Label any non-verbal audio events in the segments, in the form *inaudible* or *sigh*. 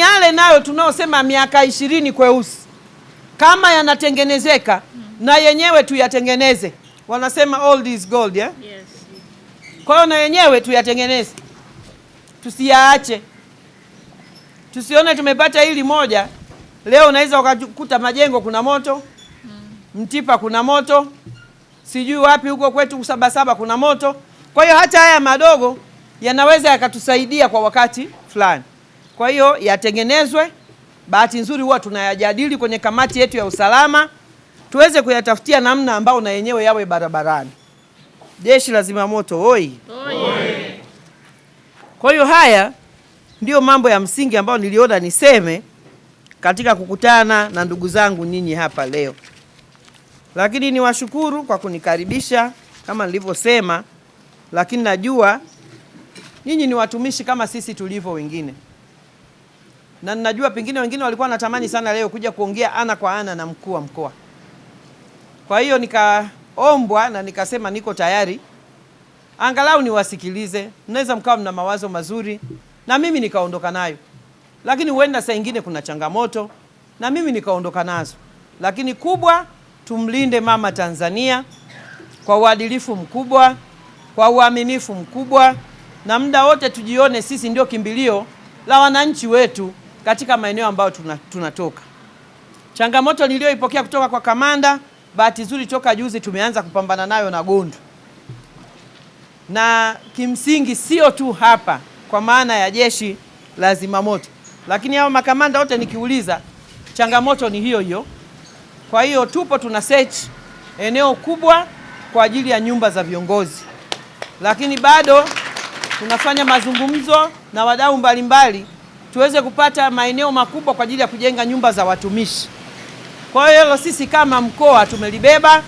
yale nayo tunaosema miaka ishirini kweusi, kama yanatengenezeka na yenyewe tuyatengeneze. Wanasema old is gold eh? Yes. Kwa hiyo na yenyewe tuyatengeneze, tusiyaache, tusione tumepata hili moja leo. Unaweza ukakuta majengo kuna moto Mtipa kuna moto, sijui wapi huko kwetu Sabasaba kuna moto. Kwa hiyo hata haya madogo yanaweza yakatusaidia kwa wakati fulani. Kwa hiyo yatengenezwe. Bahati nzuri huwa tunayajadili kwenye kamati yetu ya usalama, tuweze kuyatafutia namna ambao na yenyewe yawe barabarani. Jeshi la Zimamoto oi! Kwa hiyo haya ndiyo mambo ya msingi ambayo niliona niseme katika kukutana na ndugu zangu nyinyi hapa leo, lakini niwashukuru kwa kunikaribisha kama nilivyosema, lakini najua nyinyi ni watumishi kama sisi tulivyo wengine na ninajua pengine wengine walikuwa wanatamani sana leo kuja kuongea ana kwa ana na mkuu wa mkoa. Kwa hiyo nikaombwa na nikasema niko tayari angalau niwasikilize, mnaweza mkawa mna mawazo mazuri na mimi nikaondoka nayo, lakini huenda saa ingine kuna changamoto na mimi nikaondoka nazo, lakini kubwa tumlinde mama Tanzania kwa uadilifu mkubwa, kwa uaminifu mkubwa, na muda wote tujione sisi ndio kimbilio la wananchi wetu katika maeneo ambayo tunatoka. Changamoto niliyoipokea kutoka kwa kamanda, bahati nzuri toka juzi tumeanza kupambana nayo na Gondu, na kimsingi sio tu hapa kwa maana ya jeshi la zimamoto, lakini hao makamanda wote nikiuliza, changamoto ni hiyo hiyo. Kwa hiyo tupo tuna search eneo kubwa kwa ajili ya nyumba za viongozi, lakini bado tunafanya mazungumzo na wadau mbalimbali tuweze kupata maeneo makubwa kwa ajili ya kujenga nyumba za watumishi. Kwa hiyo hilo sisi kama mkoa tumelibeba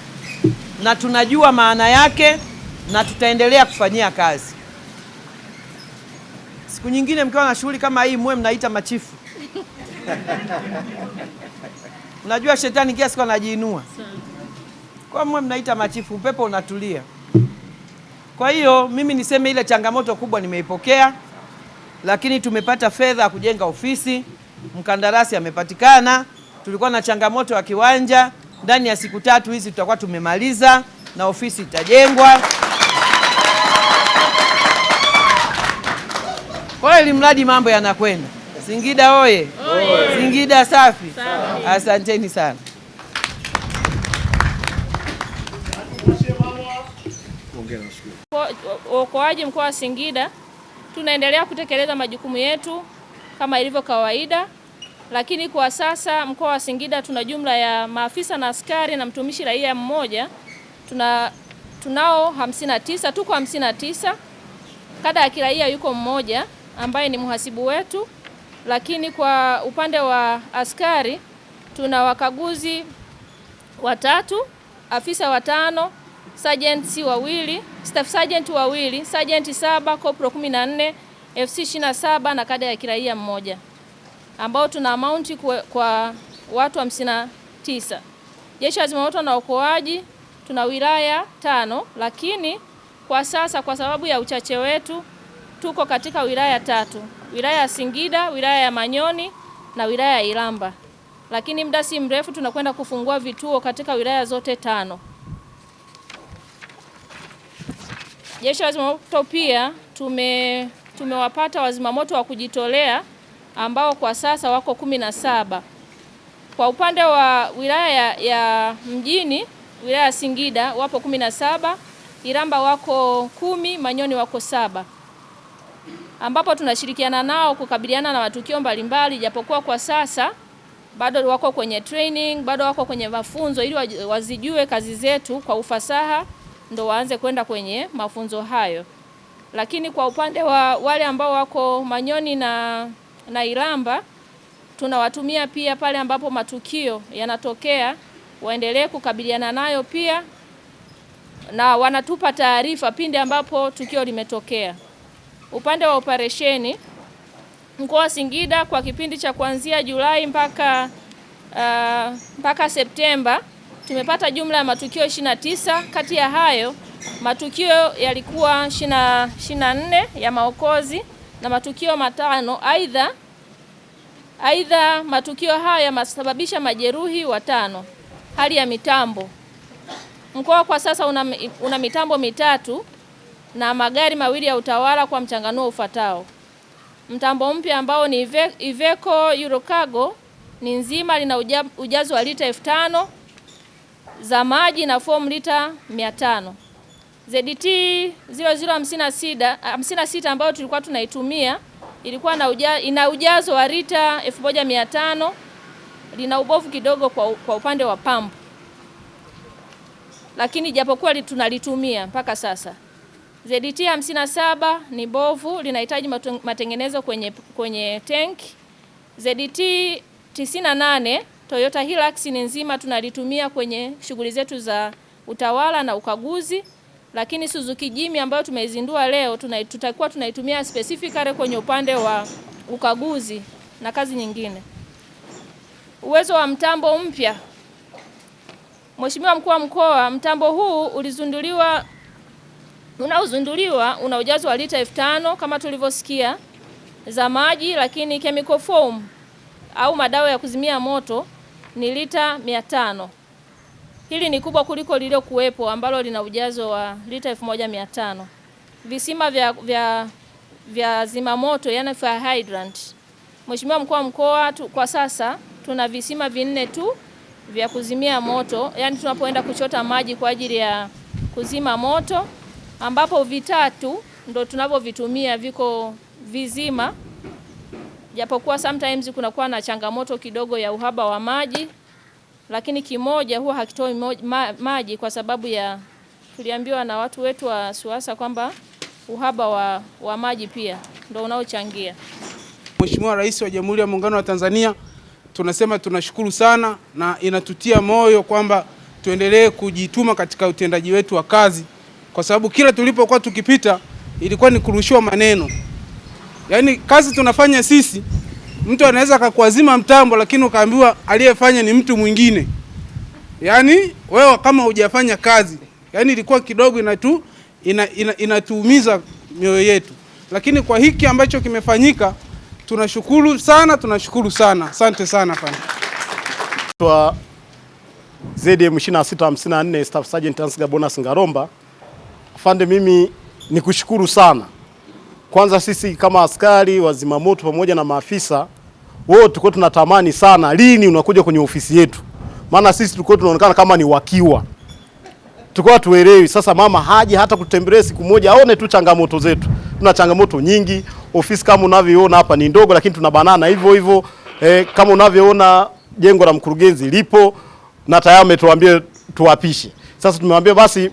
na tunajua maana yake na tutaendelea kufanyia kazi. Siku nyingine mkiwa na shughuli kama hii, mwe mnaita machifu *laughs* Unajua shetani kila siku anajiinua, kwa mwe mnaita machifu, upepo unatulia. Kwa hiyo mimi niseme ile changamoto kubwa nimeipokea lakini tumepata fedha ya kujenga ofisi, mkandarasi amepatikana. Tulikuwa na changamoto ya kiwanja, ndani ya siku tatu hizi tutakuwa tumemaliza na ofisi itajengwa. Kwa hiyo mradi mambo yanakwenda. Singida oye! Oye! Singida safi, safi. Asanteni sana. Uokoaji mkoa wa Singida tunaendelea kutekeleza majukumu yetu kama ilivyo kawaida, lakini kwa sasa mkoa wa Singida tuna jumla ya maafisa na askari na mtumishi raia mmoja, tuna tunao 59 tuko 59. Kada ya kiraia yuko mmoja ambaye ni mhasibu wetu, lakini kwa upande wa askari tuna wakaguzi watatu, afisa watano sergeants wawili, staff sergeant wawili, sergeant saba, kopro 14, FC 27 na kada ya kiraia mmoja ambao tuna amaunti kwa, kwa watu 59. jeshi la zimamoto na uokoaji tuna wilaya tano, lakini kwa sasa kwa sababu ya uchache wetu tuko katika wilaya tatu, wilaya ya Singida, wilaya ya Manyoni na wilaya ya Iramba, lakini muda si mrefu tunakwenda kufungua vituo katika wilaya zote tano. Jeshi la Zimamoto pia tume tumewapata wazimamoto wa kujitolea ambao kwa sasa wako kumi na saba. Kwa upande wa wilaya ya mjini, wilaya ya Singida wapo kumi na saba, Iramba wako kumi, Manyoni wako saba, ambapo tunashirikiana nao kukabiliana na matukio mbalimbali, japokuwa kwa sasa bado wako kwenye training, bado wako kwenye mafunzo ili wazijue kazi zetu kwa ufasaha ndo waanze kwenda kwenye mafunzo hayo. Lakini kwa upande wa wale ambao wako Manyoni na, na Iramba tunawatumia pia pale ambapo matukio yanatokea waendelee kukabiliana nayo pia, na wanatupa taarifa pindi ambapo tukio limetokea. Upande wa operesheni mkoa wa Singida kwa kipindi cha kuanzia Julai mpaka, uh, mpaka Septemba tumepata jumla ya matukio 29. Kati ya hayo matukio yalikuwa 24 ya maokozi na matukio matano aidha aidha, matukio haya yamesababisha majeruhi watano. Hali ya mitambo, mkoa kwa sasa una, una mitambo mitatu na magari mawili ya utawala kwa mchanganuo ufatao. Mtambo mpya ambao ni Iveco Eurocargo ni nzima, lina ujazo wa lita elfu tano za maji na fomu lita 500. ZDT 0056 ambayo tulikuwa tunaitumia ilikuwa na uja, ina ujazo wa lita 1500, lina ubovu kidogo kwa, kwa upande wa pampu, lakini japokuwa tunalitumia mpaka sasa. ZDT 57 ni bovu, linahitaji matengenezo kwenye, kwenye tenki. ZDT 98 Toyota Hilux ni nzima tunalitumia kwenye shughuli zetu za utawala na ukaguzi, lakini Suzuki Jimny ambayo tumeizindua leo tutakuwa tunaitumia specifically kwenye upande wa ukaguzi na kazi nyingine. Uwezo wa mtambo mpya. Mheshimiwa Mkuu wa Mkoa, mtambo huu ulizunduliwa unaozunduliwa una ujazo wa lita elfu tano kama tulivyosikia za maji, lakini chemical foam au madawa ya kuzimia moto ni lita mia tano. Hili ni kubwa kuliko lililokuwepo ambalo lina ujazo wa lita elfu moja mia tano. Visima vya, vya, vya zimamoto yani fire hydrant. Mheshimiwa mkuu wa mkoa tu, kwa sasa tuna visima vinne tu vya kuzimia moto yani tunapoenda kuchota maji kwa ajili ya kuzima moto ambapo vitatu ndo tunavyovitumia viko vizima japokuwa sometimes kunakuwa na changamoto kidogo ya uhaba wa maji, lakini kimoja huwa hakitoi maji kwa sababu ya tuliambiwa na watu wetu wa Suasa kwamba uhaba wa, wa maji pia ndio unaochangia. Mheshimiwa Rais wa Jamhuri ya Muungano wa Tanzania, tunasema tunashukuru sana na inatutia moyo kwamba tuendelee kujituma katika utendaji wetu wa kazi, kwa sababu kila tulipokuwa tukipita ilikuwa ni kurushiwa maneno. Yaani kazi tunafanya sisi, mtu anaweza akakuazima mtambo, lakini ukaambiwa aliyefanya ni mtu mwingine. Yaani wewe kama hujafanya kazi, yaani ilikuwa kidogo inatu inatuumiza ina, ina mioyo yetu, lakini kwa hiki ambacho kimefanyika tunashukuru sana, tunashukuru sana, asante sana pana ZM 2654 Staff Sergeant Hans Bonus Ngaromba. Afande, mimi nikushukuru sana. Kwanza sisi kama askari wazimamoto pamoja na maafisa wote tulikuwa tunatamani sana lini unakuja kwenye ofisi yetu, maana sisi tulikuwa tunaonekana kama ni wakiwa, tulikuwa tuelewi. Sasa mama haji hata kutembelea siku moja, aone tu changamoto zetu. Tuna changamoto nyingi, ofisi kama unavyoona hapa ni ndogo, lakini tuna banana hivyo hivyo. E, kama unavyoona jengo la mkurugenzi lipo na tayari ametuambia tuwapishe sasa tumewambia basi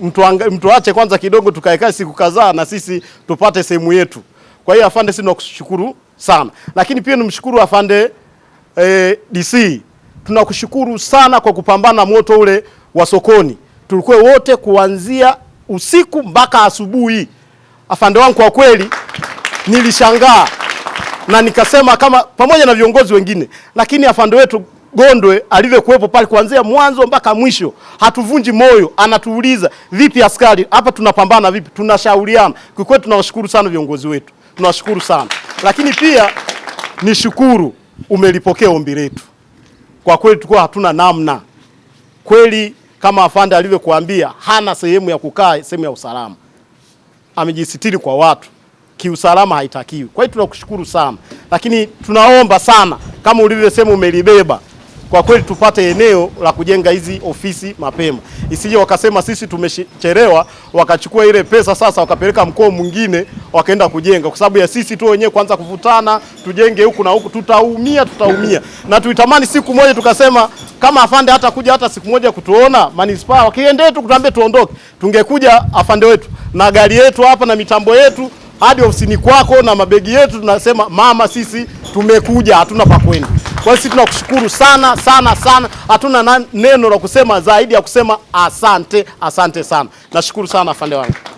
mtuache kwanza kidogo, tukaekae siku kadhaa na sisi tupate sehemu yetu. Kwa hiyo afande, sisi tunakushukuru sana, lakini pia nimshukuru afande eh, DC, tunakushukuru sana kwa kupambana moto ule wa sokoni. Tulikuwa wote kuanzia usiku mpaka asubuhi. Afande wangu kwa kweli nilishangaa na nikasema kama pamoja na viongozi wengine, lakini afande wetu Gondwe alivyokuwepo pale kuanzia mwanzo mpaka mwisho, hatuvunji moyo, anatuuliza vipi askari hapa, tunapambana vipi, tunashauriana. Kwa kweli tunawashukuru sana viongozi wetu, tunawashukuru sana lakini pia ni shukuru umelipokea ombi letu. Kwa kweli tulikuwa hatuna namna kweli, kama afande alivyokuambia, hana sehemu ya kukaa, sehemu ya usalama, amejisitiri kwa watu kiusalama haitakiwi. Kwa hiyo tunakushukuru sana, lakini tunaomba sana, kama ulivyosema, umelibeba kwa kweli tupate eneo la kujenga hizi ofisi mapema, isije wakasema sisi tumechelewa, wakachukua ile pesa sasa wakapeleka mkoa mwingine wakaenda kujenga, kwa sababu ya sisi tu wenyewe kwanza kuvutana, tujenge huku na huku, tutaumia, tutaumia. Na tuitamani siku moja tukasema kama afande hata kuja hata siku moja kutuona manispaa, wakiende tu kutuambia tuondoke, tungekuja afande wetu na gari yetu hapa na mitambo yetu hadi ofisini kwako na mabegi yetu, tunasema mama, sisi tumekuja, hatuna pa kwenda. Kwa hiyo sisi tunakushukuru sana sana sana, hatuna neno la kusema zaidi ya kusema asante, asante sana. Nashukuru sana afande wangu.